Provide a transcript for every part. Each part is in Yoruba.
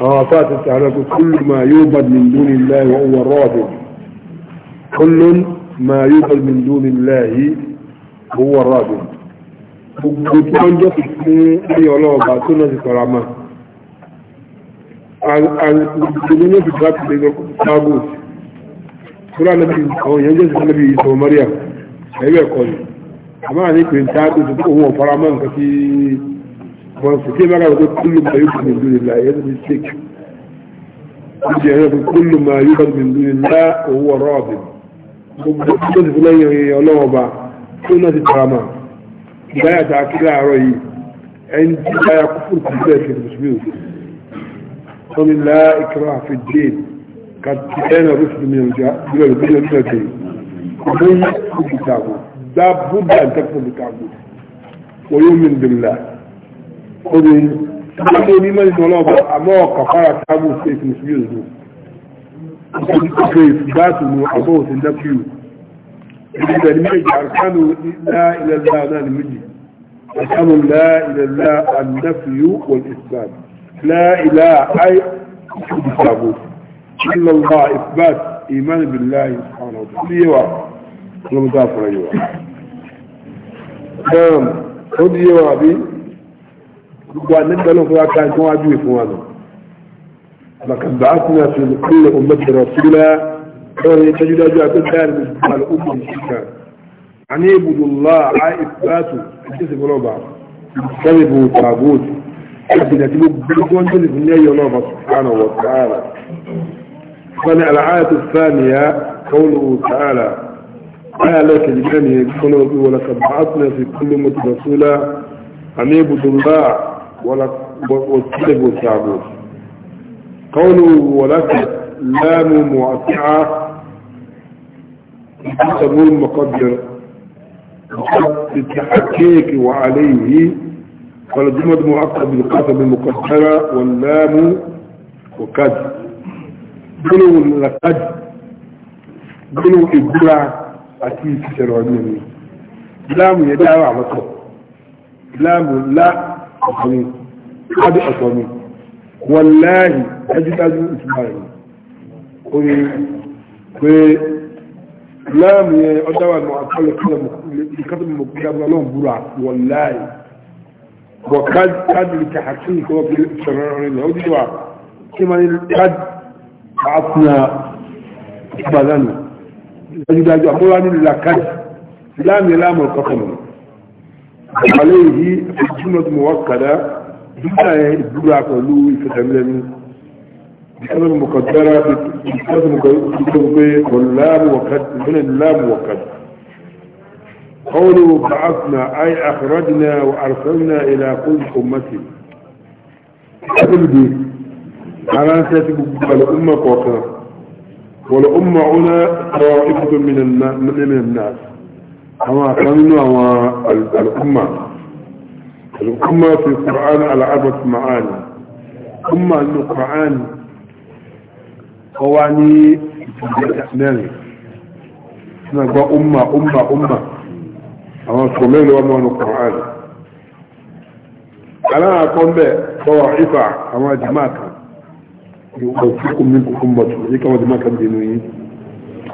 عرفات التعلق كل ما يوبد من دون الله وهو الرافض كل ما يوبد من دون الله هو الرافض gbogbo tí wọ́n jẹ́ fún ẹ̀yìn ọlọ́ọ̀bá tó náà ti sọ̀rọ̀ àmà gbogbo ní fi dá pẹ̀lú ṣáàbù kúrò ànábì àwọn èèyàn jẹ́ sí ànábì ìsọ̀ Maria ẹ̀rẹ́ ẹ̀kọ́ ni àmà ní pé ṣáàbù tó kó òun ọ̀fọ́ra mọ́ nǹkan tí وانسكي بقى يقول كل ما يقبل من دون الله هذا الشرك يقول كل ما يقبل من دون الله وهو راضي وبدأت فلان يولوه بقى كل ناس ترامى لا يتعكلا عرأي عند لا يكفر كبير في المسلمين قل لا إكراه في الدين قد كان رسل من الدين ومن يكفر بتعبد لا بد أن تكفر بتعبد ويؤمن بالله orí ilé onímọ̀ ìdùn ọlọ́ọ̀bà àmọ́ ọkà fara tábù state musulmi òdò nítorí pé ìfìgbàtù ní àbọ̀ òsìn w ìdílé ní méjì àrùkánù ilá ilẹ̀lá náà ní méjì àrùkánù ilá ilẹ̀lá àdáfíyú wọn islam ilá ilá àì ìdìbò ilọ̀lá ìfìgbàtù ìmánu bìlá ìfàànà òtún yíwa lọ́mọdé àfọ̀rọ̀ yíwa. ó di yíwa bí gbogbo anẹ́gbẹ́ ló fún wa ká ní wájú ìfún wa lọ. Bàkà bá a ti náà fi kúlẹ̀ ọmọ tẹ̀rọ sílá lọ́rọ̀ yẹn tẹ́jú dájú àti dáàrí ní alùpùpù ìṣìkà. A ní ibùdó ńlá a ìfúláàtù àti ìṣẹ̀fọ́ lọ́ba ìṣẹ́lẹ̀ bò tààbòt àti ìdàtí gbogbo tó ń tẹ̀lé fún lẹ́yìn ọlọ́ba sùkánà wọ̀ tààrà. Fọ́nì àlàáyàtò sáàmìyà kọ́wọ́lù tààrà. Báyà lọ́kẹ̀ jìbìrì ni kọ́lọ́ bí wọ́n lọ́kà bá a ti náà fi kúlẹ̀ mọ́tò rọ̀ sílá. A ní ibùdó ńlá والكذب والتعبود قولوا ولكن لام موسعة تسمون مقدر التحكيك وعليه فالجمد مؤكد بالقسم المقدرة واللام وكد قلوا لقد قلوا إبرع أكيد في شرعوني لام يدعو على طب لام لا ọkùnrin káàdì ọ̀tọ̀ ni wọláàrí dájúdájú ìtumọ̀ rẹ̀ orí pé láàmì ẹ ọjọ́wà ní àkọlẹ̀ kílẹ̀ ìkàtàmì mọ̀kúnlẹ̀ ọlọ́run búra wọláàrí bọ̀ káàdì ìkà àti ìkọwọ́ pé ìṣọ̀rọ̀ rẹ̀ lọ́wọ́ dídí wa kí máa ní káàdì àfúnà ìbàdàn dájúdájú àmúwá nílùú làkàdì láàmì láàmì ọ̀kọ̀kọ̀ mọ̀ عليه الجملة موكلة جملة الجملة قالوا يفتملني بكذا مقدرة بكذا مقدرة واللام وقد من اللام وقد قولوا بعثنا أي أخرجنا وأرسلنا إلى كل أمة أقول دي أنا سأتبقى الأمة قوتها والأمة هنا طائفة من الناس أما كانوا هو الأمة الأمة في القرآن على أربعة معاني أمة القرآن قواني أنا أقول أمة أمة أمة أما سميل وما القرآن ألا أقوم به طواعفة أما جماعة يؤفكم منكم أمة كما جماعة دينوين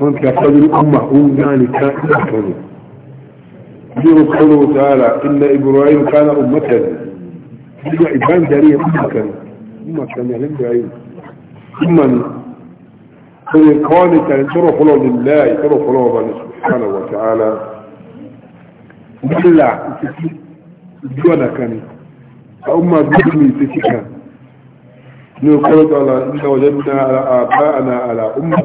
وانت يحتاج لأمة هم ذلك أحسن يقول قوله تعالى إن إبراهيم كان امتا إن إبراهيم دارية أمة كان يعني أمة كان يعلم بعين أمة قل قانتا ترى خلو لله ترى خلو بني سبحانه وتعالى بلا جوانا كان أمة بني تتكا نقول تعالى إن وجدنا على اباءنا على أمة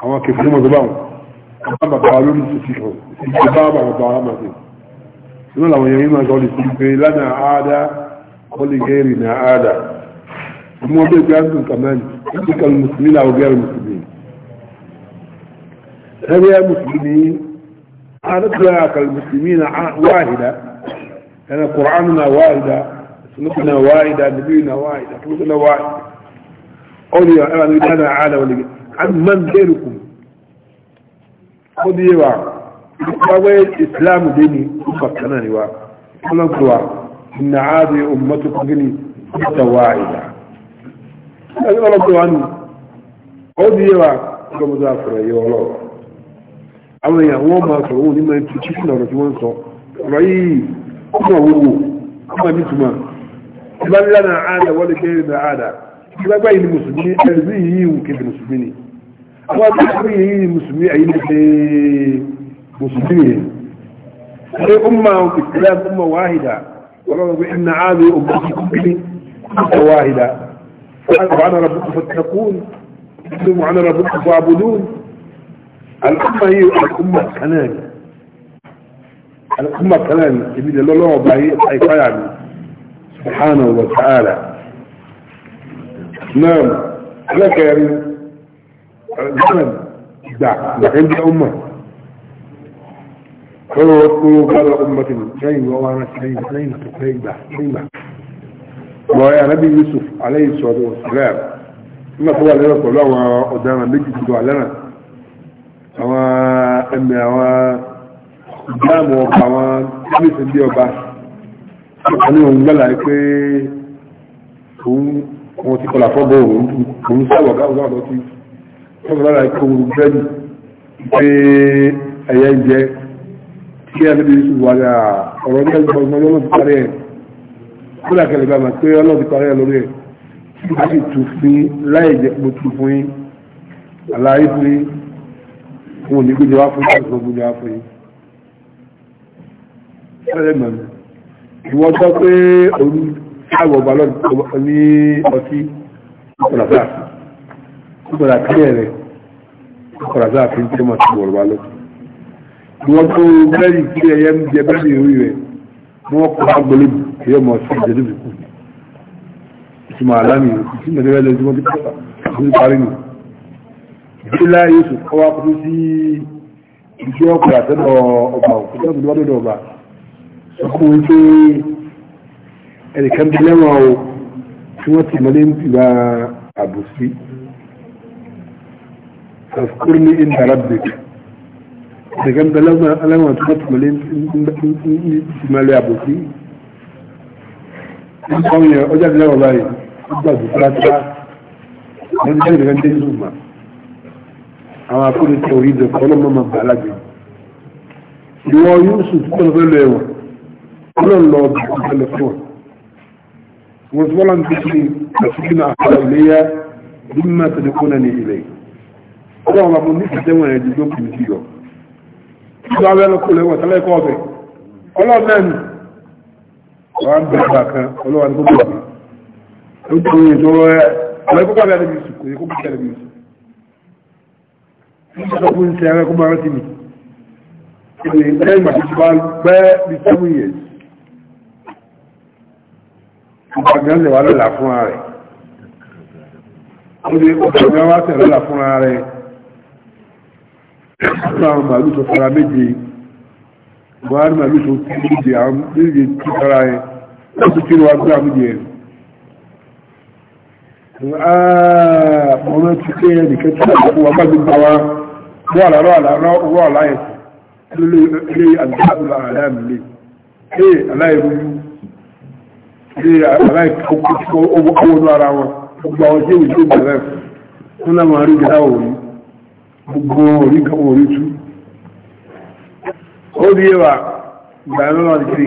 هو كيف هو مظلوم كما قالوا لي في الكتاب وضعنا دي شنو لو يعني ما قال لي لنا عادة كل غيرنا عادة مو بس جانب كمان كل المسلمين أو غير المسلمين هذه المسلمين أنا أطلق المسلمين واحدة أنا قرآننا واحدة سنتنا واحدة نبينا واحدة كلنا واحد أولي أنا على ولي عن من غيركم ó bí wa ìpàwé ìsìláàmù dé ní ìfàkà náà ni wa ọlọ́gbọ̀wà ìnà ààbí ọmọtò kọ́gínì ìtàwà ìlà ẹgbẹ́ ọlọ́gbọ̀wà ni ó bí wa ọlọ́mọdé àfẹ́rẹ́ yẹ ọlọ́wọ́ àwọn èèyàn wọ́n máa na wọ́n ti rí mùsùlùmí أمة ní أمة mùsùlùmí yẹn ṣe ọmọ ìpìlẹ̀ ọmọ wáhìdá ọlọ́run فأنا ربكم فاتقون ثم أنا ربكم فاعبدون الأمة هي الأمة كنان الأمة كنان اللي لله باهي يعني سبحانه وتعالى نعم لك يا ريت زمن دع لكن دي أمة قالوا وقلوا قال أمة شيء ووانا شيء شيء شيء دع شيء ويا نبي يوسف عليه الصلاة والسلام ما هو اللي رسول الله قدامنا بيجي تدعو لنا هو أمي هو قدام وقوان كمي سندي وباش أنا هم قال لك òun ti kọlà fọ́bọ̀ òun sáwọ̀ gáwọ́ gáwọ́ lọ́tí wọ́n lára ikọ̀ òru bẹ́ẹ̀ni pé ẹ̀yẹ ń jẹ kí ẹlẹ́bí yusuf ọ̀rọ̀ ní ẹgbẹ́ ọgbọ́n lọ́nà parí ẹ̀ kó dà bá mà pé ọlọ́run parí ẹ̀ lórí ẹ̀ a sì tù fún yín láì jẹ́ mo tù fún yín àlàyé fún yín wọn ò ní gbéjọ wá fún yín àti gbogbo fún yín. ẹlẹ́ mọ̀ mi sọ pé òun ṣàwọ̀ ọba lọ́dún ní ọtí ọ̀nà fún gbọ́dọ̀ kílẹ̀ rẹ̀ ọkọ̀rọ̀ sáà fi ń tẹ́ mọ̀ sí bọ̀rọ̀ wa lọ. wọ́n tó bẹ́ẹ̀lì kí ẹyẹ ń jẹ bẹ́ẹ̀lì orí rẹ̀ wọ́n kọ́ agbolé ẹyẹ mọ̀ sí ìjẹ́lú ìkú. ìtumọ̀ alámi ìtumọ̀ ìrẹ́ lọ sí wọ́n ti pàṣà ní parí nù. ìdílá yéṣu kọ́ wa kú sí ìjọ ọkọ̀ àtẹ́lọ ọba òkúta ìdúwádọ́dọ̀ tó ẹnìkan bí lẹ́wọ̀n o فاذكرني عند ربك da gamba alama ta matmalin ìmàlẹ̀ àbòsí ń kọ́ yẹn ọjọ́ àti lẹ́wọ̀ báyìí ó gbà jù pátá wọ́n ti jáde gẹ́gẹ́ jù mà àwọn akóni tẹ orí ìjọ kọ́ lọ́mọ máa bàá lájọ ìwọ yóò sùn tó lọ fẹ́ lọ ẹ̀wọ̀n ọlọ́run lọ bá tó fẹ́ lọ fún wọn wọ́n ti fi àfikún àkàrà ìléyà bí mímọ́ àtẹ̀lẹ́kọ́ náà ní ilẹ̀ yìí ọlọ́run ọmọ ní ìfẹ́wọ̀n rẹ̀ ju tó kù sí lọ ìlú abẹ́ lọ́kọ̀ lẹ́wọ̀n tẹ́lẹ̀ kọ́ ọbẹ̀ ọlọ́run náà nù wọ́n á ń bẹ̀rẹ̀ gbà kan ọlọ́run tó bọ̀ ó tó yẹ tó rẹ̀ ọ̀rẹ́ kókó abẹ́ àdébí sùn kò yẹ kókó abẹ́ àdébí sùn ní sọ fún ṣe ẹrẹ kó máa rántí mi ìwé ẹgbẹ́ ìgbà tó ti bá pẹ́ bí seven years ìgbàgbọ́n lè wà lọ́la fún ara rẹ̀ ó lè ọ̀gbọ̀n wá tẹ̀ lọ́la fún ara rẹ̀ àwọn màálù tó fara méje buhari màálù tó kí méje àwọn méje tí fara ẹ wọ́n ti kírò agbá méje ẹ̀ ọmọ ah, ti kéré nìkan tí wọ́n fún wa bá gbogbo wa wọ́n àlárọ̀ àlárọ̀ owó àláyẹ̀ lé àgbàdo àlámi lé lé aláìrúyú lé aláìkọ́kọ́ owó ara wọn gbogbo àwọn tí èyí tó gbẹ̀rẹ̀ fún náà máa rí ìdáwò yìí gbogbo orí kan orí tú ó rí ẹwà gbàmọ́ àti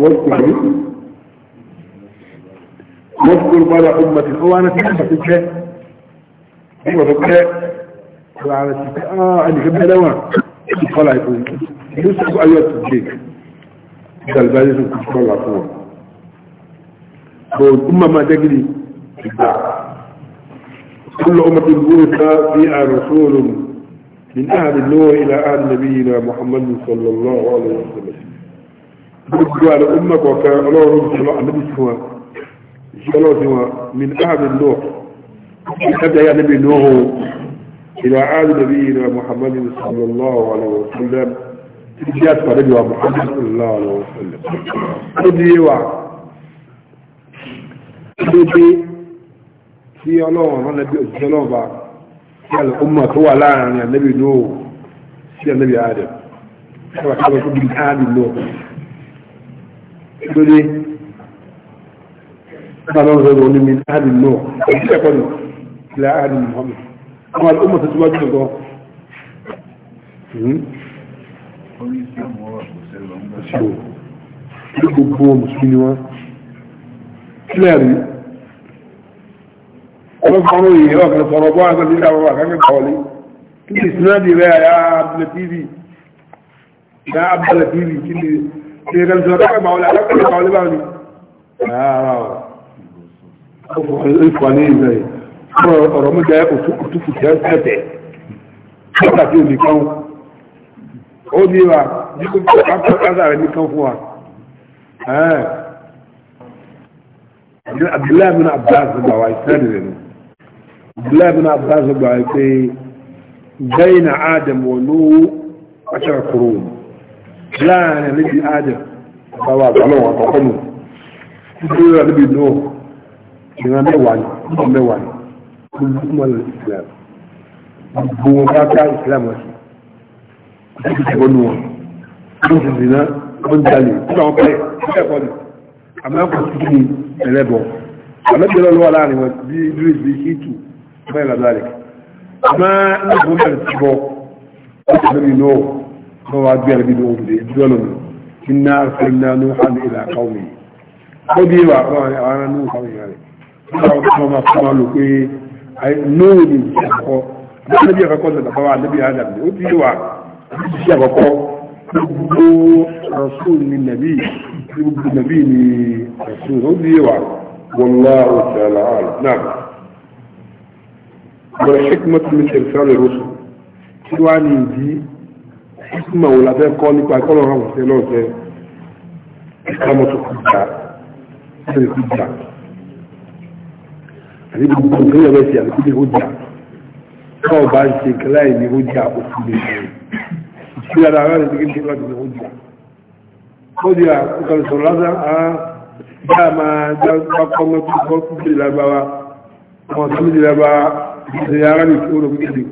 wọ́pùrú wọ́pùrú bára ọmọ ti ó wá ní sí ìgbà tó jẹ́ ìgbà tó jẹ́ ìgbà rẹ̀ ti pé ah ẹnìkan bẹ́ẹ̀ lẹ́wọ̀n ìkọlà ìfún ìlú sọ́kọ́ ayé ọ̀tún jẹ́ ìgbàlùbá yẹn tó kọ́ làkúwọ̀ bọ̀ ọmọ máa jẹ́ gidi ìgbà كل أمة بورث فيها رسول من أهل النور إلى أهل نبينا محمد صلى الله عليه وسلم بدو على أمك وكان الله رب صلى النبي سوى الله سوى من أهل النور حتى يا نبي نوح إلى أهل نبينا محمد صلى الله عليه وسلم تجيات فرجوا محمد صلى الله عليه وسلم تجيوا تجيوا kí ọlọ́run ọ̀rán lẹ́bí òṣìṣẹ́ ọlọ́run bá kí àlùkùnmọ̀ tó wà láàrin ànẹ́bí lóò sí ànẹ́bí ààrẹ sábà sábà tó bí áàdì lọ. lórí sábà lọ́rùn sọ̀rọ̀ ní mi áàdì lọ òbí ẹ̀kọ́ nù ilẹ̀ áàdì Muhammad àwọn àlùkùnmọ̀ tó túwájú nìkan. orí sí àwọn òṣèlú ọ̀gbọ̀n. gbogbo mùsùlùmí wọn kílẹ̀ rí ọlọ́pàá yìí wà kan sọ̀rọ̀ bọ́ àgbẹ̀ nílẹ̀ àwọn àkàkẹ́ kọ̀ọ̀lẹ́ kí ni sinadi rẹ̀ ya abdul tv ya abdul tv kí ni kí ni kan sọ̀rọ̀ bọ́ àgbẹ̀ àkàkẹ́ kọ̀ọ̀lẹ́ báwọn ni. rárá o ìfọ̀ ní ìgbẹ́ yìí ọ̀rọ̀ mi jẹ́ òtútù jẹ́ tẹ̀tẹ̀ nígbà tí omi kan ó ní wa nígbà tí kásá Abdullahi bin Abdullahi Bawa Israeli rẹ̀ abdullahi bin abbas gba na adam wọ lówó ọ̀ṣẹ́ kúrò láàrin níbi adam báwa àbálọ̀wọ̀ àkọ́kọ́ nù nítorí rẹ̀ níbi náà ìran mẹ́wàá ni ọmọ mẹ́wàá ni gbogbo islam gbogbo wọn islam wọn sí kí غير ذلك ما نقول نوح هو أدبير بدون بدون إنا أرسلنا نوحا إلى قومه خذي ما قالوا في نوح يعني. لك هو النبي هذا رسول رسول والله تعالى نعم bẹ̀rẹ̀ hikmat min tẹ̀sán lè rọ́ṣù kí wàá ní ìdí hikma wò la fẹ́ kọ́ nípa kọ́lọ̀ hàn wọ́n lọ́wọ́ fẹ́ ìsàmọ́tò kúta ìsàmọ́tò kúta àti gbogbo nǹkan yẹn bẹ́ẹ̀ ti àti kúta kúta kọ́ ọba ń ṣe kíláì ní kúta òkú lè ṣe ìṣúra ara rẹ̀ ti kí ní kíláì ní kúta kódì àkókòrò sọ̀rọ̀ lásán àwọn bá a máa dákọ́ mọ́tò kọ́ kúta ìlàgbáwa àwọn sọ́mídìí lágbáwa زيارني كونه بكذي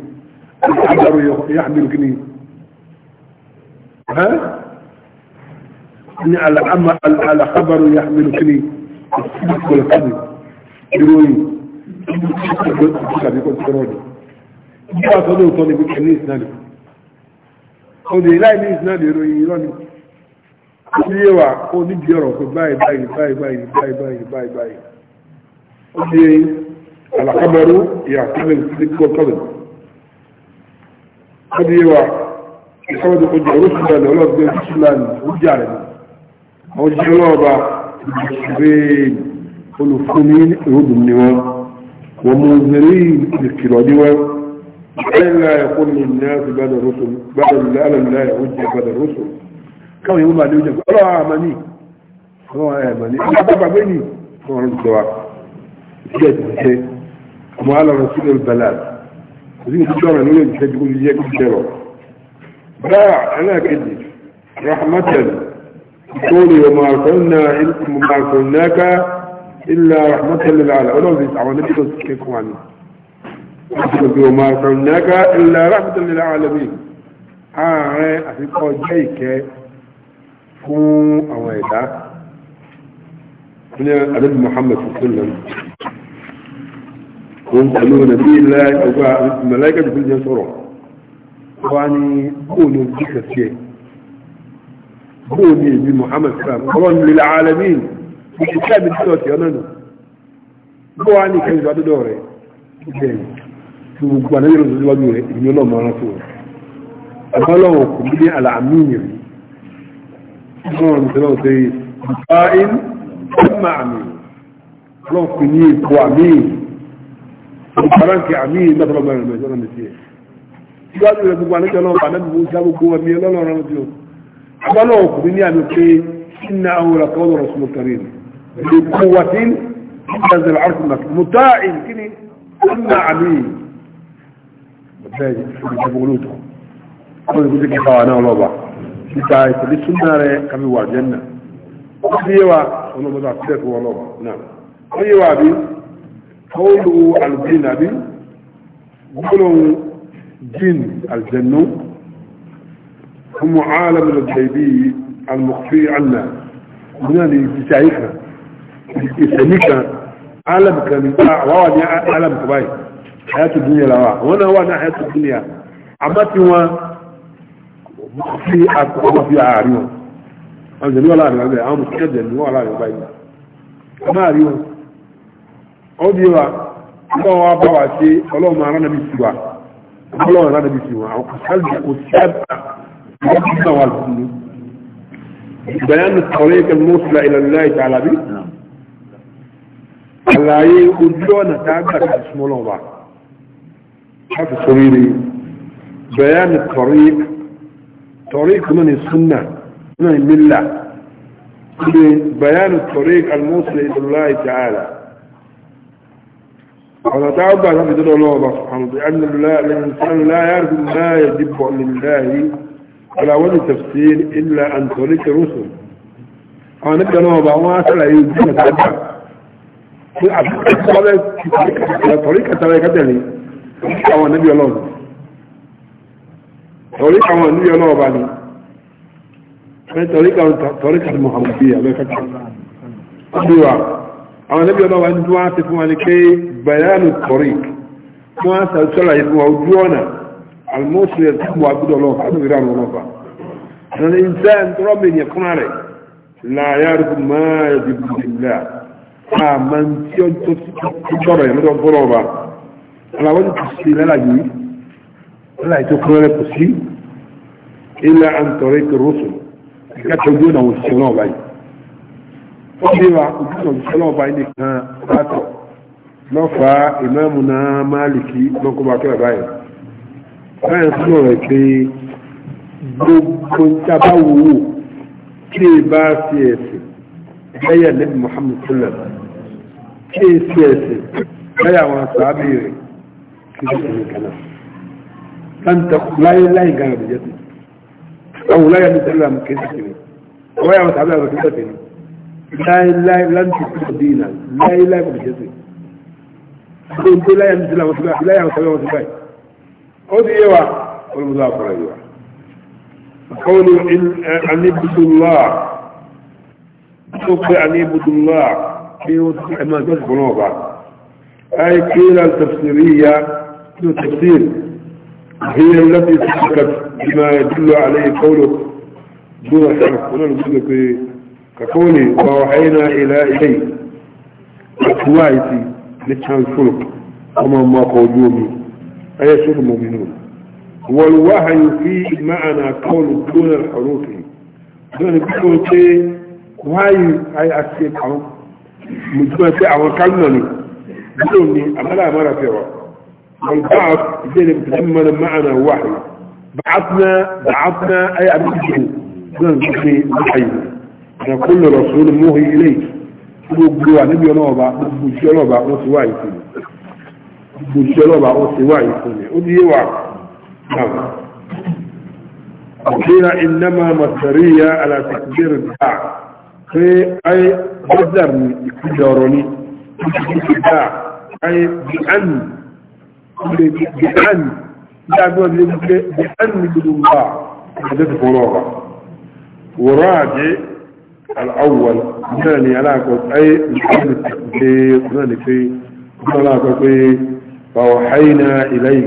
الحجر يحمل كني ها إن الأمر الخبر يحمل كني الصدق والكذب يروي يكون سروني يا صدق طني بكني سنالي قولي لا يلي سنالي يروي يروني Ilé wa kó ní bí ọ̀rọ̀ pé báyìí báyìí báyìí báyìí báyìí báyìí báyìí. Ó ti yẹ الخبر يعتبر الصدق والقدر قد يوى محمد قد رسلا لولا رسلا رجالا او جلوبا المشرين والفنين يهود النواة ومنذرين بالكلاد لا يقول للناس بعد الرسل بعد الألم لا يوجه بعد الرسل كما يقول ما يوجه الله آمني الله آمني أنا بابا بني الله رجل دواء جد وعلى رسول البلاد زين تجارة نقول مش هتقول لي كل شيء باع أنا كذي رحمة قولي وما أرسلنا وما أرسلناك إلا رحمة للعالم ولو زيت عوانا بيكو سكيكو عني وما أرسلناك إلا رحمة للعالمين ààrẹ àfikọ́ jẹ́ ìkẹ́ fún àwọn ẹ̀dá ní àdébì Muhammad sallallahu ويسألون في الله الملائكة بكل يسرون واني كونوا بك الشيء كوني بمحمد سلام قرن للعالمين في كتاب الدوت يمنه واني كان بعد دوري gbogbo àwọn ẹ̀rọ ìwájú rẹ̀ ìní ọlọ́mọ ọ̀rán tó rẹ̀ ọlọ́wọ̀n kò ní àlàmíyàn rí ọlọ́run tó lọ́wọ́ pé ìfà in ọmọ àmì ọlọ́run kò ní ètò àmì ìparáǹkì àmì ìdọ́tọ̀lọ́gbà rẹ̀ mẹ́jọ́ náà sí ẹ̀ síwájú rẹ̀ gbogbo àníkẹ́ lọ́wọ́ àdẹ́bù mú sá gbogbo ẹ̀mí ọlọ́run rẹ̀ tó agbọ́nà ọkùnrin ní àmì pé iná àwọn ọ̀rọ̀ ọ̀rọ̀ sọ̀rọ̀ kẹrì ní kó wà sí ìdájọ́ àrùn náà mùtá ìkíni iná àmì bẹ́ẹ̀ ìjọba olóòtọ́ àwọn ìgbésẹ̀ kẹfà wà náà lọ́ba níta ìtẹ̀lé súnmọ́ rẹ̀ kàmi wà jẹ́ náà ó fi yé wa ọlọ́mọdé àti قوله الجن أبي قولوا جن الجن هم عالم الغيبي المخفي عنا من الجسائكنا الجسائكنا عالم كمتاع وواني عالم كبير حياة الدنيا لوا وانا وانا حياة الدنيا عمتي ومخفي ومخفي عاريون أنا جنوى لا أعلم أنا مخفي جنوى لا أعلم أنا أعلم ó di wa ọlọ́run wa bá wa ṣe ọlọ́run ara nàbí sí wa ọlọ́run ara nàbí sí wa àwọn kòsálì kò sí àbá wọ́n ti gbà wà lùkùnú ìgbàyàn sọ̀rọ̀ yìí kẹ́lú mọ́sílá ìlànà ìta alábí àlàyé ojú ọ̀nà tá a gbà ká súnmọ́ lọ́wọ́ wa láti sọ̀rọ̀ yìí بيان الطريق طريق من السنة من الملة بيان الطريق الموصل إلى الله تعالى ولا تعبد عن دين الله سبحانه بأن الإنسان لا يعرف ما يجب لله على وجه تفسير إلا أن ترك الرسل أنا أبدأ نوبة نبدأ نوع بعوات لا يمكن على طريقة طريقة لي طريقة النبي الله طريقة النبي الله بعدين طريقة طريقة المحمدية ما يفتح أبدأ àwọn ẹlẹ́bí ọlọ́wà ní tí wọ́n ti fún wa ní pé bayanu tariq tí wọ́n sọ sọ́ra yìí fún wa ojú ọ̀nà almosu yẹ tí wọ́n gbọ́dọ̀ lọ́wọ́ fún ìrìn àwọn ọlọ́fà ẹni ìṣe ìtọ́rọ̀mì yẹn fúnra rẹ̀ láyàrá fún máa di bùdìlá àmà tí ó tó tọrọ yẹn lọ́dọ̀ fọ́rọ̀ ọba aláwọ̀ ti ṣe lálàyé láì tó fúnra rẹ̀ kò sí ilẹ̀ àǹtọ̀rẹ́ kẹrọ́sùn ìkẹ́kọ̀ọ́ fọ́nbíra ojúṣọ̀ ìṣẹ́lẹ̀ ọba ilé kan látọ̀ lọ́fà ìmọ̀ọ́mù náà máàlìkì lọ́kọ́bà kí bàbá yẹn báyẹn fún ọ̀rẹ́ pé gbogbo ìjábá wò wò kí ẹ bá sí ẹ̀sìn lẹ́yà lẹ́bi Muhammad sallam kí ẹ sí ẹ̀sìn lẹ́yà àwọn sàábì rẹ̀ kí ẹ sì ní kanáà láǹtà láyé láyé gan àbújá tó àwọn láyà ní sallam kí ẹ sì ní ọwọ́ yà wọn sàábì rẹ̀ kí ẹ sì ní لا إله الا الله لن تكون دينا لا إله بجزي أنت لا ينزل وصباح لا ينزل وصباح أوذي يوا والمضافر يوا قول إن أن يبد الله سوف أن يبد الله إيه في وصف ما جزء بنوبة أي كيلة التفسيرية في التفسير هي التي تحدث بما يدل عليه قوله دون شرف ونحن نقول لك إيه؟ كقولي ووحينا إلى إلي أكوايتي لكان فلق وما ما قوجوني أيسر المؤمنون والوحي في معنى قول دون الحروف دون بيقول شيء وهي أي أسيب عم مجموعة عم كلمني بدوني أملا مرة فيها والبعث إذا بتضمن معنى وحي بعثنا بعثنا أي أبدا دون بيقول وكل رسول موهي إليه gbogbo àníbi ọlọ́ọ̀bá gbogbo ìṣẹ́ ọlọ́ọ̀bá ó ti wá ìfún mi gbogbo ìṣẹ́ ọlọ́ọ̀bá ó ti wá ìfún mi ó ní yé wà náà àkíyà ìnáma masariya alatakbir dáa pé ayé bọ́dàr ní ìpínlẹ̀ ọ̀rọ̀ ní ìpínlẹ̀ dáa ayé bíán ní bíán ní àgbọ̀ ní bíán ní gbogbo ọ̀rọ̀ ọ̀rọ̀ àjẹ́ الأول ثاني على قد أي الحمد التقدير ثاني في على قد فوحينا إليه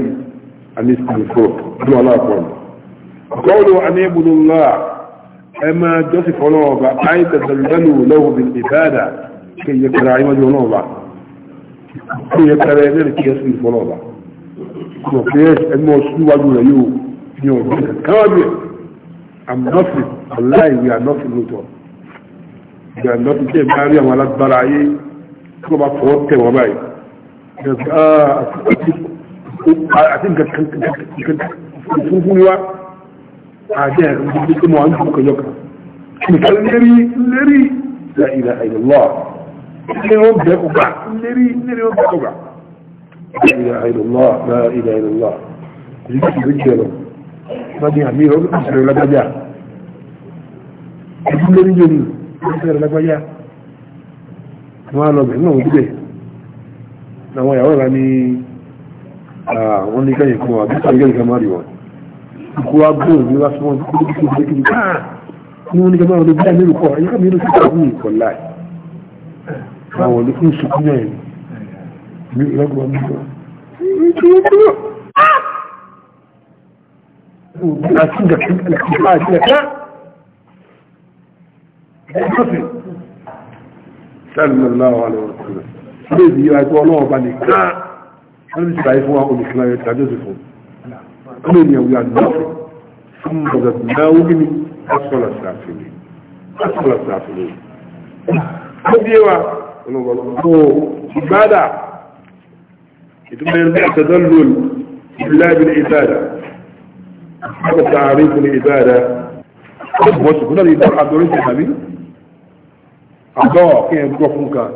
أن يستنفوك قالوا على قد قولوا أن يبدو الله أما جوسف فلوبا أي تزلزلوا له بالإبادة كي يكرا عيما ونوبة كي يكرا عمد كي يسمي ونوبة وكيش الموسوى وجود يو يوم كما بيه I'm not free. Allah, we are ìdàlọ́pù tí èmi rí àwọn alágbára ayé tí wọ́n bá fọwọ́ tẹ̀ wọ́n báyìí àti fúnfún wá àti ẹ̀rọ ìdíje tí mo wà ń dùn kọjọ kan nìkan lérí lérí la ilà àìlọ́ lérí ó bẹ́ẹ̀ kó gbà lérí lérí ó bẹ́ẹ̀ kó gbà la ilà àìlọ́ la ilà àìlọ́ kò sí kí ìwé jẹ́ lọ wọ́n ní àmì ìrọ̀ ó sì rẹ̀ lágbájá ẹ̀dún lérí yóò nù ìgbésẹ̀ rẹ̀ lágbáyà wọ́n á lọ bẹ̀rẹ̀ náà wọ́n àwọn ìyàwó rẹ̀ ní àwọn ní kẹ́yìn kan àbí sàgẹ́ ìgbà máa rí wọn kó wá gbóòrò ní wáṣọ wọn kó kí kí kí káà ní wọn ní kẹ́yìn máa lè bí àmì ìrùkọ ẹ̀yìn kàmí ìrùkọ ìkọ̀ ìkọ̀ láì àwọn olè fún ìṣùkú náà yẹn ní ìlọ́gbọ̀n mi lọ. Àti ìgbà kí n kà nothing sallallahu alayhi wa sallam ilé ìdí àti ọlọ́wọ́ bá nìkan wọ́n ti ṣàyẹ̀ fún wa olùkìlá yẹn tàbí òsì fún ilé ìdí àwọn àdúgbò fún bọ̀dọ̀ náwó gíní asọ́lá sàfihàn asọ́lá sàfihàn ó bí wa olùkọ́ ìbádà ìtumọ̀ ẹni àtẹ̀dọ́ lónìí ìlàbí ní ìbádà ọkọ̀ tààrí fún ìbádà ó bọ̀ sùkúrò ní ìbádà àdórí sí ìbádà àbọ̀ kí ẹ gbọ́ fún kan.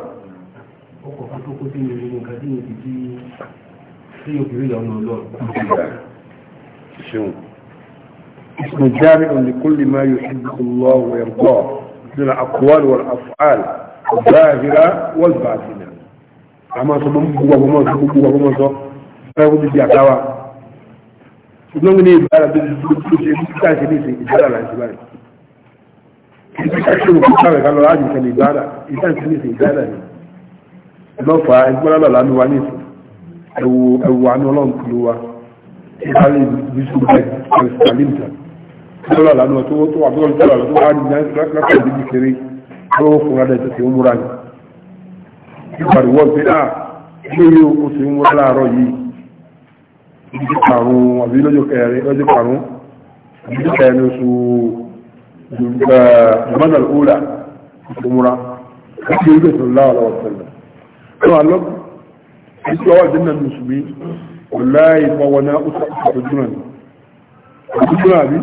ọkọ̀ kan tó kó sí ní ìlú nǹkan tí mo ti di sí obìnrin ìyàwó ọlọ́run. ṣeun اسم جامع لكل ما يحبه الله ويرضاه من الأقوال والأفعال الظاهرة والباطنة أما صمم بوا بوا بوا بوا بوا بوا فهو بدي أتوا سنوني بارا بدي بدي بدي بدي بدي بدي بدي بدي بدي ìṣe òkúta rẹ̀ kálọ̀ láàyè ìṣẹ̀lẹ̀ ìgbára ìṣẹ́ ìṣẹ̀lẹ̀ ìṣẹ̀lẹ̀ ìgbára ni lọ́fà ìgbọ́lá lọ́la ní wa ní ìsìn ẹ̀wù ẹ̀wù àánú ọlọ́run kìlú wa ìbálẹ̀ ìbísù bẹ́ẹ̀ alìsàlìmta ìgbọ́lá lọ́la ní wa tó wà tó wà tó wà tó wà ní lápá ìdíjì kéré tó fún adé tó ti ń múra ni ìpàdé wọ́n pé à ṣé yóò o ti ń múra láàárọ̀ yìí ìdíjì karùn-ún àbí lọ́jọ́ kẹrin lọ́jọ́ karùn-ún àbí lọ́jọ́ جمال الأولى الأمورة كثير صلى الله عليه وسلم كما لك أنت أول جنة المسلمين والله فوانا أسعب الجنة أسعب جناني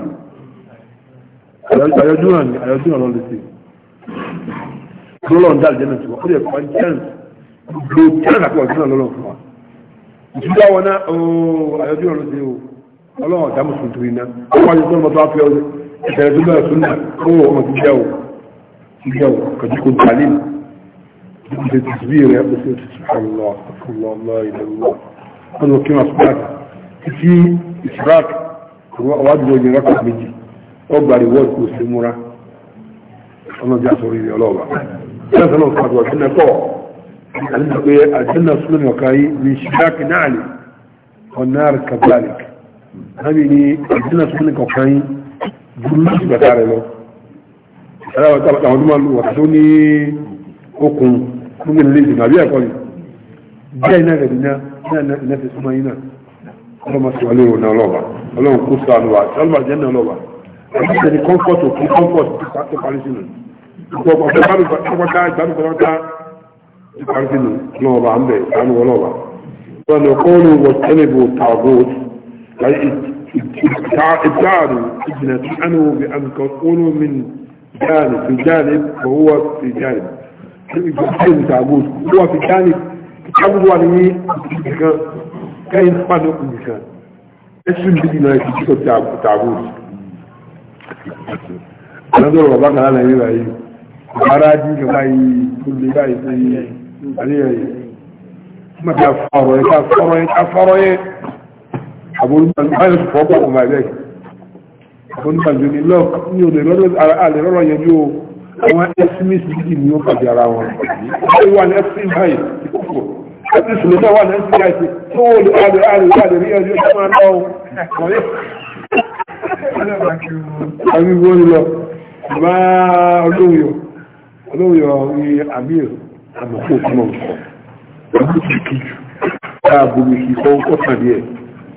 أيا جناني أيا جناني الله لسي لولون جنة سوا قد يكون جنس لو كان أكوا جنان لولون سوا جدا وانا أيا جناني الله لسي الله دام سنتوينا أول جنان مطافي ìtẹ̀lẹ́dúgbà súnà owó ọmọ ti jẹ́wò ti jẹ́wò kàjíkò tàlí ìdíje tìsbí rẹ̀ ó sì ti sùhànlọ́ àfúnlọ́lọ́ ìdẹ̀lúwà wọn ló kí wọn sùpáàkì títí ìsìrák àwádìí oyin rákà méjì ó gba reward kò sí múra ọlọ́jà sọ̀rọ̀ ilẹ̀ ọlọ́wà bẹ́ẹ̀ sọ́nà pàtó àjẹ́nà pọ̀ àjẹ́nà pé àjẹ́nà súnà nìkan yìí ní ṣìdáàkì náà lè ọ̀nà àrùkàbálẹ̀ ju bàtà rẹ̀ lọ ẹ̀rọ àwọn máa lu ní okùn fún ilé àbí ẹ̀kọ́ yìí rẹ̀ súnmọ́ ọlọ́mọ sí òun náà ọlọ́run kó sọ àlùwà ọlọ́mọ jẹ́ náà comfort comfort ابتعدوا ابنتي عنه بأن تكونوا من جانب في جانب وهو في جانب الإبتعاد تعبوز هو في جانب تعبوز عليه كاين خانق المكان اسم بدينا يكتب تعبوز أنا دور ربك أنا هنا هي أراجي كباي كل باي سي عليه ما كفروا كفروا كفروا àbúrúgbàjú ní lọ́ọ̀kì ẹ́sìmìsì yìí ni ó pàdé ara wọn ó wà ní ẹ́sìmìsì ìkókò láti sùlọ náà wà ní ẹ́sìmìsì tó wò lè àlè àlè àlè rí ẹjọ́ tó máa náà wọlé àbí wọ́n lọ bá olóòyò olóòyò ní àbí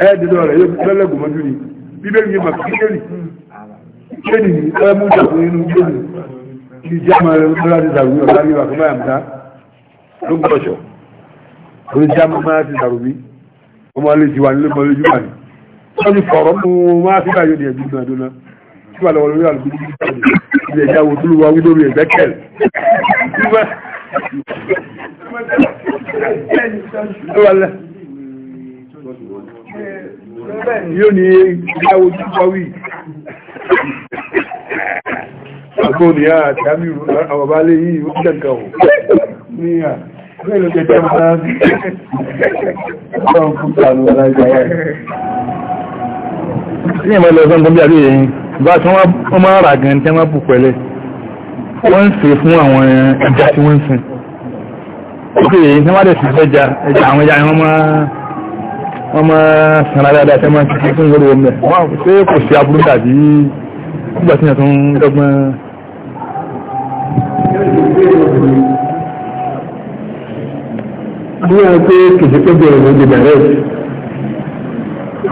ẹ̀ẹ́dẹ̀dọ̀ rẹ̀ yóò lẹ́lẹ́gùn mọ́jú ni bíbélì yìí màkà bíbélì kéèdì ní ẹ mú ìjàpọ̀ inú bíbélì kí jáma rẹ̀ lọ́la ti dàrú mi ọ̀la ní wà fún àyàmdá ló ń gbọ́sọ̀ orí jáma máa ti dàrú mi ọmọ alẹ́ jù wà nílé mọ́ lójú wà ní wọ́n ti fọ̀rọ̀ mú máa fi báyọ̀ ní ẹ̀bí náà dúná tí wà lọ́wọ́ lórí àlùkò ní ilẹ̀ ìjà wo dúró wa yóò ní ìyáwó tó pọ̀wí àgbóni àti àmìrò àwọn lè yí ìwọ́n ní ìmọ̀ ilẹ̀ ọ̀sán tó bí àbí bá tí wọ́n máa rà gan tẹ́ bù pẹ̀lẹ̀ wọ́n ń ṣe fún àwọn ẹja tí wọ́n ń sin ó kèrè èyí dẹ̀ sí fẹ́ ja àwọn ẹja ni máa wọ́n máa sanra dáadáa tẹ́ máa kíkí fún ìwọ́rọ̀ omi wọ́n ṣe kò sí aburú tàbí nígbà tí ẹ̀tún dọ́gbọ́n bí wọ́n pé kìí pé bẹ̀rẹ̀ ló di bẹ̀rẹ̀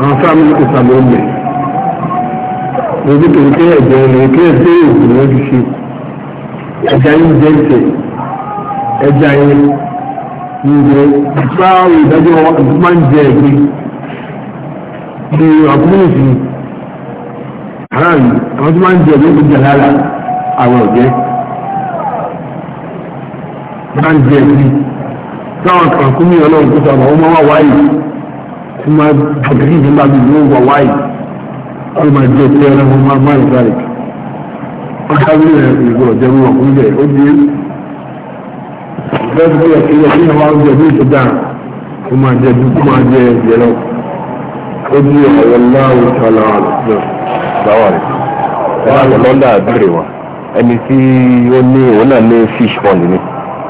àwọn fámìlì kò sàbọ̀ ọgbẹ̀ lójú kìí pé ẹ̀jẹ̀ rẹ̀ kí ẹ pé òògùn lójú ṣe ẹ̀jẹ̀ yìí jẹ́ ìṣe ẹ̀jẹ̀ yìí ìwé ìtura ìdájọ́ máa ń jẹ ẹ̀gbẹ́ ní ọkùnrin ní aráàlú àwọn tó máa ń jẹ ẹ̀gbẹ́ tó jẹ lára àwọn ọ̀jẹ́ máa ń jẹ ẹ̀gbẹ́ táwọn ọkùnrin ọlọ́run tó sọ àwọn ọmọ wa wáyé tí máa àgbẹ̀kí ìjọba bí ìlú wa wáyé wọ́n máa jẹ ẹ̀gbẹ́ ọlọ́run máa ń sáré ọjọ́ ìgbọ̀n jẹ́ wọn ọkùnrin bẹ́ẹ̀ ó di bẹ́ẹ̀ bí ẹ̀ kílẹ̀ kí wọ́n jẹ bí ìtọ́jà kó máa jẹ bí kó máa jẹ ẹ̀jẹ̀ lọ. ó ní ọ̀rọ̀ láwù tọ́lá náà. báwa rẹ̀ wọ́n á lọ lọ́ndà àbẹ̀rẹ̀ wa ẹni tí ó ní òun náà ní fish pond ni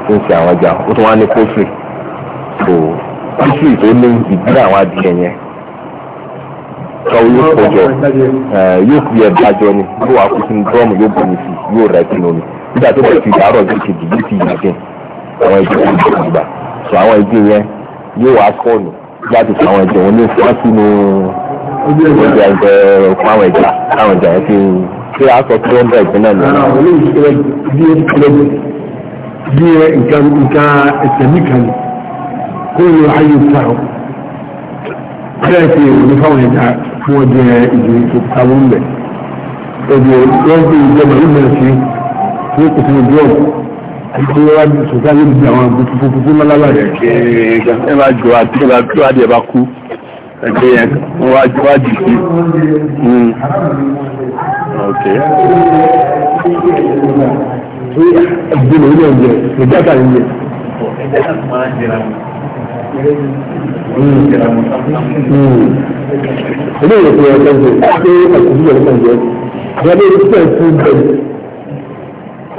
tó ń ṣe àwọn ọjà ó tún wá ní poultry tó poultry tó ní ìdílé àwọn adìyẹ yẹn yóò kọjọ yóò fi ẹ̀dá jọ ni yóò wá kó sínú drum yóò bomi sí yóò rẹ̀ sínú omi nígbà tó bẹ̀rẹ̀ sí ìdárọ̀ sí kejì yóò fi yìí àwọn ẹgbẹ́ wọn ti gbà so àwọn ẹgbẹ́ yẹn yóò wá fọ́ọ̀nù láti fún àwọn ẹgbẹ́ wọn ní fún sínú ọjà ẹgbẹ́ fún àwọn ẹgbẹ́ àwọn ẹgbẹ́ yẹn ti ṣé a sọ pé wọ́n bá ẹgbẹ́ náà nìyẹn. bí ẹ nǹkan nǹkan ẹsẹ̀ mi kó o yọ ayé fún àwọn kílẹ̀ ti ìwòye fáwọn ẹ̀dá fún ọjọ́ ìdìbò tó kàwé ń bẹ̀. ọjọ́ ìwọ́n ti ìjọba ìmọ̀ ẹ̀sìn fún ìpèsè ìjọba àti wọ́n ní sọ̀tà yóò di àwọn àgbẹ̀ fúnfún fúnfún lọ́lọ́lọ́ yẹn. ẹ máa jọ àti ẹ máa tó àdìẹ bá kú ẹgbẹ́ yẹn wọ́n wá jọ àdì sí. Hmm. ẹgbẹ́ mi ò ní ọ̀jẹ̀ ẹgbẹ́ àtàrí ń jẹ. ilé ìwòsàn ẹ̀ka ń jẹ ṣé àkùnrin ẹ̀ka ń jẹ àbábẹ́ ìfẹ́ fún bẹ́ẹ̀.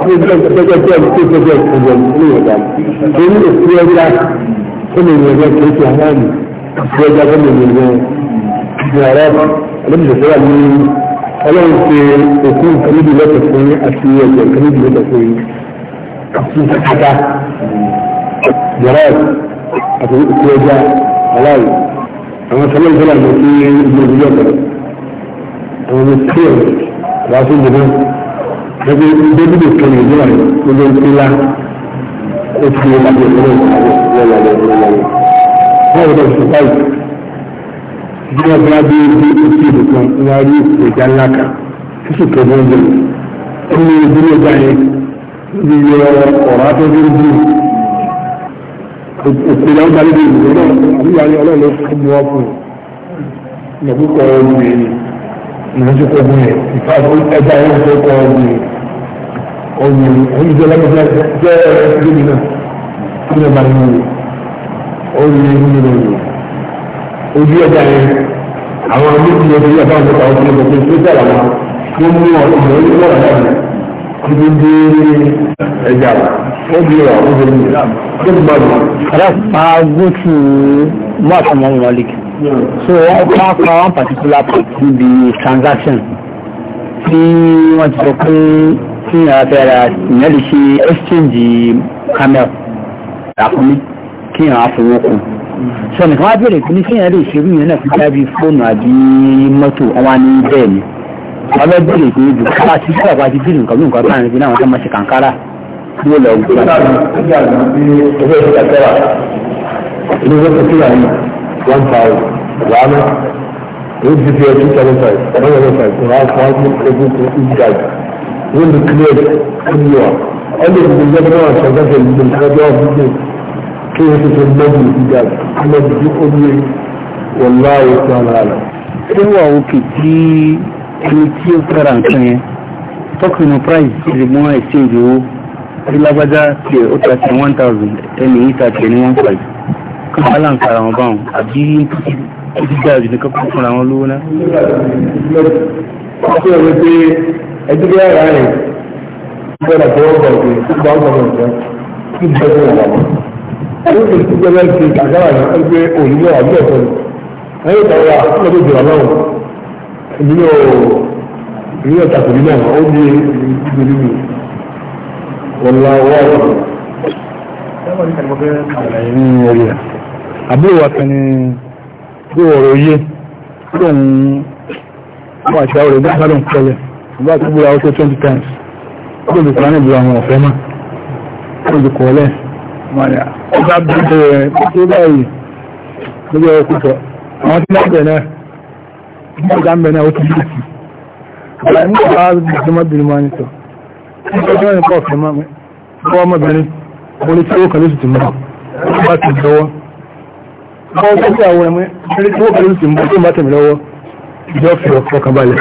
ní ìjọ ìgbẹ́jọ́ jẹ́ ìgbẹ́jọ́ ìgbẹ́jọ́ ìgbẹ́jọ́ ìgbẹ́jọ́ ìgbẹ́jọ́ ní òfin ẹ̀dá tó lè yẹ kí ó ti àwọn àmì ìfẹ́ ẹ̀dá tó lè yẹ ìgbẹ́ ara ọlọ́mọdéṣẹ́wà ní ọlọ́run ṣe òkú nǹkan níbi lọ́tọ̀ fún yín àti ẹ̀jẹ̀ nǹkan níbi lọ́tọ̀ fún yín àti kàkàtà yàrá àti ìfẹ́ ẹ̀dá aláì àwọn sọlọ́ọ̀ sọlọ́ọ̀ ní ìgbẹ́ ìgbẹ́ ìgbẹ́ ìgbẹ́ ẹgbẹ́ débìlì kan ìlú rẹ̀ ló ló ń pínlá ó fi ìlànà ìlú rẹ̀ lọ́lọ́lọ́ lọ́lọ́lọ́. wọ́n rẹ̀ bẹ̀rẹ̀ sọ́pá yìí bí wọ́n bá dé dé ojú ìlú kan wọ́n á rí ìjà ńlá kan sísù tó ló ń bẹ̀rẹ̀. ó ní ìdílé ọgbà yẹn ní iye ọ̀rọ̀ atọ́jú ń bù. òkú ìlànà ìgbàlódé ìlú náà àbúyá ni ọlọ́run ló fún wọn fún un. ìyàgbọ́ kọ́ ọ òun òun jẹ́ lẹ́nu jẹ́ jẹ́ ẹgbẹ́ náà kí ló bá yẹn òun yẹn ń yẹn lẹ́nu ojú ẹja yẹn àwọn méjì yẹn ti yẹ fún àwọn ọmọ ọmọ ọmọ tó tẹ̀lé wọn tó mú ọmọ yẹn lọ́wọ́ náà kí ló dé ẹja wọ́n bí wà ó bẹ̀rẹ̀ yìí kí ló bá yẹn. rẹ́f máa gúúsù mú àtàwọn ọmọ wọn so wọ́n pa pa one particular part níbi transaction tí wọ́n ti sọ pé tí a fẹ́ ra ìyẹn lè ṣe exchange camel ràkúnmí kí a fowó kù sọ nìkan wá bèèrè kí ní kí èèyàn lè ṣerú ìyẹn náà fi jábí fóònù àbí mọ́tò ọwá ní bẹ́ẹ̀ ni wọ́n bẹ́ bèèrè pé ibi káwá sí sí ọ̀pá ti bílù nǹkan bí nǹkan bá ń rí náà wọ́n máa wàhálà eight gps two seven five seven seven five wọ́n ti clear ẹni wa ọdún ìdílé jẹ́ náà ṣàgbàṣẹ́ ìdílé ìdájọ́ àbújá kí wọ́n ti sọ lọ́dún ìdíjà lọ́dún tí ó ní wọ́n láàyè fún ara rẹ̀. ṣé wà òkè tí ẹni tí ó fẹ́ra nǹkan yẹn tọ́kìnù price ti lè mú exchange owó tí lágbájá tiẹ̀ ó ta sí one thousand ẹni yìí ta tiẹ̀ ní one five kí wọ́n balance ara wọn báwọn àbí ó ti dáa jù ní kọ́kọ́ fúnra wọn lówó náà ẹdúgbò ara rẹ̀ gbọ́dọ̀ tó ń bọ̀ pé kí gbọ́ ọgbọ̀n ọ̀jọ́ kí gbọ́ tó wà wọ́n. ẹni tó ti gbọ́dọ̀ ti kàkàrà ní ẹgbẹ́ òyìnbó àbí ẹ̀kọ́ ni ẹni tó wà fún ọdún ìjọba náà èmi ò èmi ò tàkùn nínú àwọn ó di ìgbèrú mi wọn la wọ́ ọ̀rọ̀. àbúrò wa kan ní bí wọ́n rò yé lóun àwọn àṣà òròjú àbálòun pẹ̀lẹ́ bá ti búra ọṣọ twenty times ó lè kọ́ láti búra àwọn ọ̀fẹ́ mà ó lè kọ́ lẹ̀ mọ̀lẹ́ ó bá bí bẹ̀rẹ̀ tó báyìí lórí ọ̀rọ̀ kúkọ àwọn tí wọ́n bẹ̀ náà bí wọ́n gbà ń bẹ̀ náà ó ti bí ìsì ọ̀la ní ọ̀la ìgbìmọ̀bìnrin máa ń sọ ọjọ́ ìpọ̀ ọ̀fẹ́ máa ń kọ́ ọmọbìnrin mo ní tí ó kàn lóṣù tó mọ́ ó bá ti dọwọ́ ọjọ́ ìpọ̀ àwọn ẹ̀mọ́ ẹni tí ó kàn lóṣù tó mọ́ tó bá tẹ̀mí lọ́wọ́ ìjọ́ fi ọ̀kan balẹ̀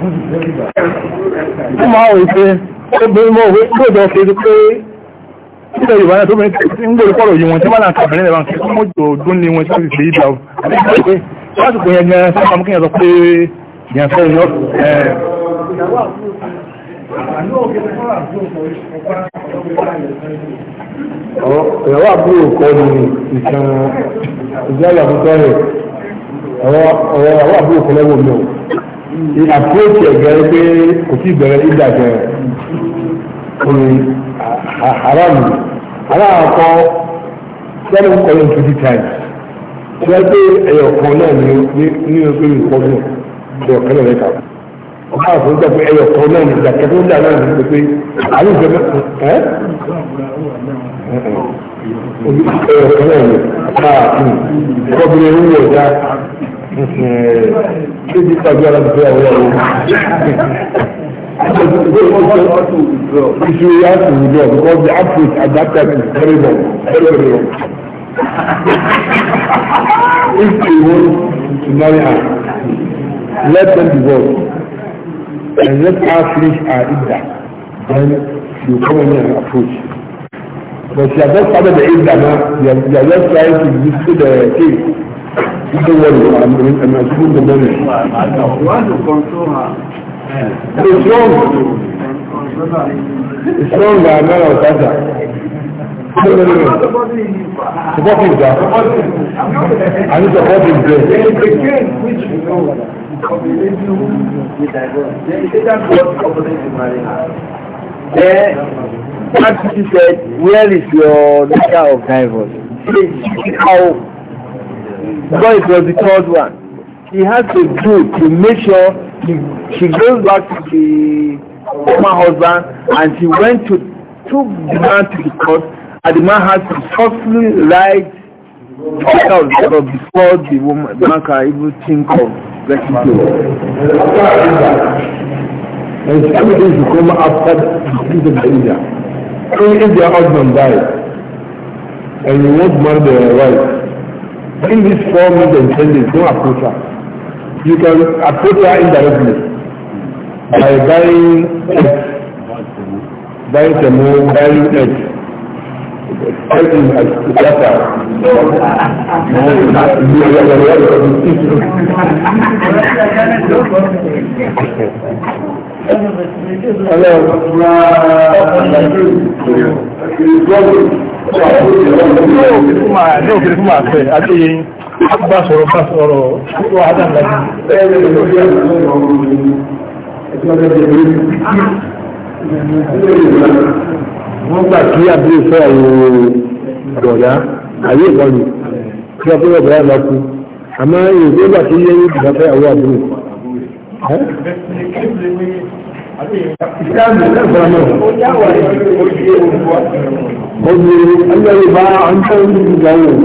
ó máa wò pé ó bí ṣe rí pé nílẹ̀ yorùbá náà tó bẹ̀rẹ̀ tí ń gbèrò pọ̀rọ̀ yìí wọn tí wọ́n náà kàbẹ̀rẹ̀ nílẹ̀ kí wọ́n jò dún ní wọn tí wọ́n fi ìdá pé àbúrò kọ́ ni ìtàn ìjọba ní àpòtì ẹ̀gẹ́ pé kò sí ìbẹ̀rẹ̀ ìdàgbẹ̀ orin haramu aláàkọ́ sẹ́nu kọ́lé twenty times tí wọ́n pé ẹ̀yọ̀ kan náà ní ní ọgbẹ́ ìkọ́sùn ẹ̀yọ̀ kan náà lẹ́ka ọba àfọwọ́ gbà pé ẹ̀yọ̀ kan náà ní ìdàkẹ́ tó ń dà náà ní pé àlù ìfẹ́ ẹ́ ẹ̀yọ̀ kan náà ní ọba àfọwọ́ gbà pé ẹ̀yọ̀ kan náà ní ìdàkẹ́ tó ń dà náà ní pé àlù ìfẹ́ ẹ́ Kéde tàbí alágbé ọ̀rọ̀ ọ̀rọ̀. Iṣu ya ti wù lọ because the approach at that time is very wrong, very very wrong. If they want to marry her, let them divorce and let her finish her idda. Then she will come in and approach. But she has not started the idda now. They are just trying to visit the case. يدور من الأماكن بالدنيا إسلام بأعمال وتدع تفاقم ده عن تفاقم ده What she said, where is your nature of divorce? How Because it was the third one. He has to do to make sure he, she goes back to the former husband and she went to took the man to the court and the man had to forcefully write out before the woman the man can even think of letting go. and everything to come after the peace of India. So if their husband dies and you want to marry their wife, bring these four means and changes, don't approach her. You can approach her indirectly by buying eggs, buying temo, buying eggs. Taking as water. No, ní òkèrè fún máa fẹ́ àti yẹn bá sọ̀rọ̀ bá sọ̀rọ̀ wà á dáadáa wọ́n gbà kí àbúrò fẹ́ àwọn ọ̀dọ̀dá àyè ìbọnù kí ọkùnrin ọ̀bẹ̀rẹ̀ àgbà kú àmọ́ èyí tó gbà kí yẹ́yìn ìgbà fẹ́ àwọn àbúrò الذي باع عنه من جاوه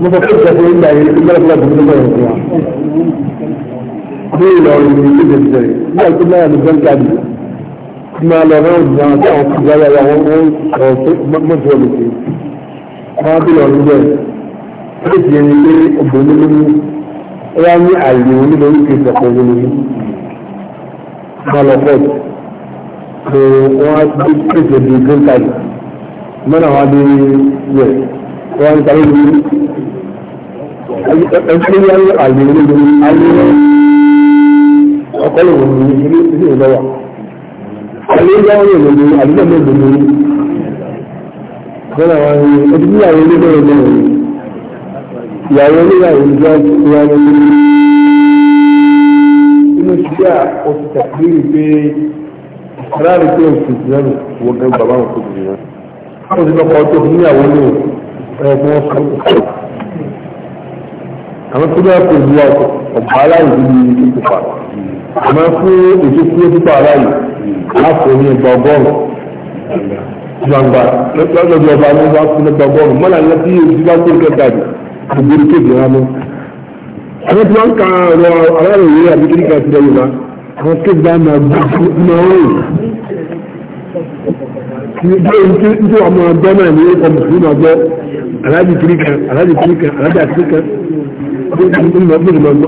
متفقه في الله يقول لك لا تقول له قيل من كذب زي لا يقول لا نزل كذب ما لغون ما تعرف لا لا لغون مجهول فيه ما بلا رجال فجأة يقول malafet to wọn ti pèsè di green card mọ́nà wọn di yẹ wọn sáré di ẹgbẹ́ yẹn àyè nínú ayé ọkọlù wọn ní ilé ilé ìlọ́wà ayé yẹn wọn yẹn lòdì àdúgbò náà lòdì mọ́nà wọn ní ẹgbẹ́ yẹn àwọn yẹn lòdì ìyàwó olóògbé yẹn lòdì tí a o ti tàbírí pé rárí pé òsì ìsìlámù wọ́n gan bàbá wọn kò jìnnà wọ́n ti lọ́kọ̀ ọjọ́ fún níyàwó ní ẹ̀kọ́ wọn sọ òkú àwọn tó dáa kò ju ọ̀bà aláì ní ìlú pa àmọ́ fún ètò tí ó pípa aláì láàpọ̀ ní ẹgbà ọgọ́rùn-ún gbangba lọ́jọ́ ọba ní wọ́n á fún ẹgbà ọgọ́rùn-ún mọ́lá ní wọ́n ti yé ojú bá kẹta àwọn tí wọ́n ń ka ọ̀rọ̀ aráàlú yìí àbí kiri kan ti dẹ̀ yorùbá àwọn tó gbà máa gbà máa ń rìn nítorí ọmọ ọgbọ́n náà ní ọkọ̀ mùsùlùmí ọgbọ́ aláàjì kiri kan aláàjì kiri kan aláàjì àti kiri kan ó ń gbé ìmọ̀ ọgbọ́n ìmọ̀ ọgbọ́n.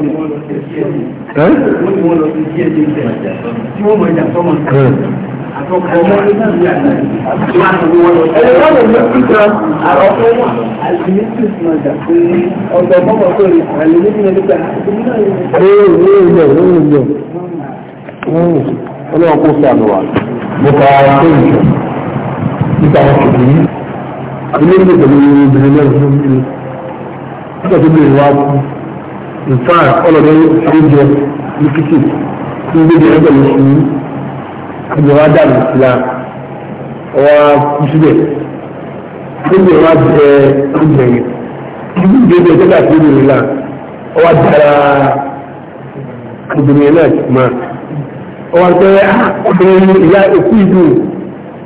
Ẹ́ ẹ̀rọ mi ti kan àròkọ́ wà àlùmísìs máa dà pé ọ̀dọ̀ mọ́mọ́ tó rí àlùmísìs máa dà pé ọ̀dọ̀ ọlọ́run kó sàánú wa mo ka ara tó yìí nípa ọkùnrin yìí ilé ìgbè pẹ̀lú obìnrin náà fún mi nígbà tó bèrè wá kú nǹkan ọlọ́dẹ oúnjẹ ní kíkì ní gbèdé ẹgbẹ̀rún sí ẹgbẹ́ wa dà lù sílá ọwọ́ síbẹ̀ níbi ìwà jẹ ìgbẹ̀yìn ibi ìgbẹ́bẹ̀ tó dà síbi ìlà ọwọ́ dára obìnrin náà ti máa ọwọ́ pé ah, obìnrin ìyá èkú ìlú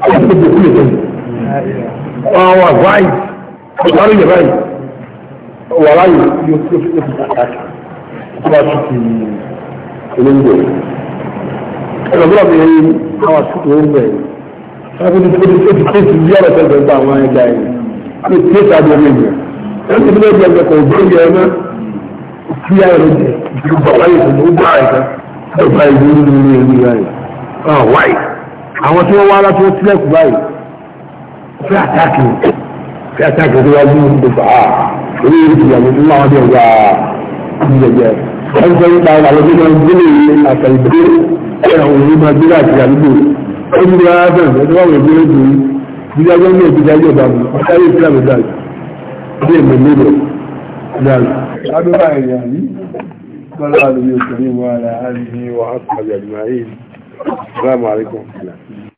ọwọ́ tó dé kúlẹ̀ tó ọwọ́ wà báyìí ọwọ́ rẹ̀ báyìí ọwọ́ ráyè yóò tó fi pàtàkì ọwọ́ tó ti olóńgbò ẹ̀rọ bọ́lá mi káwà sí òun bẹ̀rẹ̀ lábẹ́ ní kí ó ti kí ti yára sẹ́gbẹ̀ gba àwọn ẹja yìí ó ti yé sábẹ́ mi yẹn ẹni tí wọ́n bẹ̀rẹ̀ kọ̀ ọ̀gbọ́n yẹn náà ó ti yára rẹ̀ jẹ́ ju bàbá yìí tó gbà ẹ̀ka ó bá ìlú nínú ilé ìlú yára yìí wáyé àwọn tí wọ́n wá láti wọ́n tilẹ̀kù báyìí fẹ́ àtàkì fẹ́ àtàkì tó wájú ìdòfà orí ìdìyàwó tó máa wọ́n jẹ́ ìgbà ìjẹ̀jẹ̀ ẹni tó ń ta àwọn àlejò náà gbé ẹ̀rọ òní máa gbé láti àdúgbò ó ní wá bẹ̀rẹ̀ ẹ̀dọ́ wà wẹ̀gbẹ́ lójú ìdájọ́ ní ìgbìjà yóò bá mi ọ̀sáyé ìsìlámù dáàbò ní èmọ̀ nílò dáàbò. adúlá ẹ̀yà yìí bọ́lá àdúgbò sọ̀rọ̀ wà láàárín wa àpàlẹ̀ àjùmáyé ìsìlámù àríkọ̀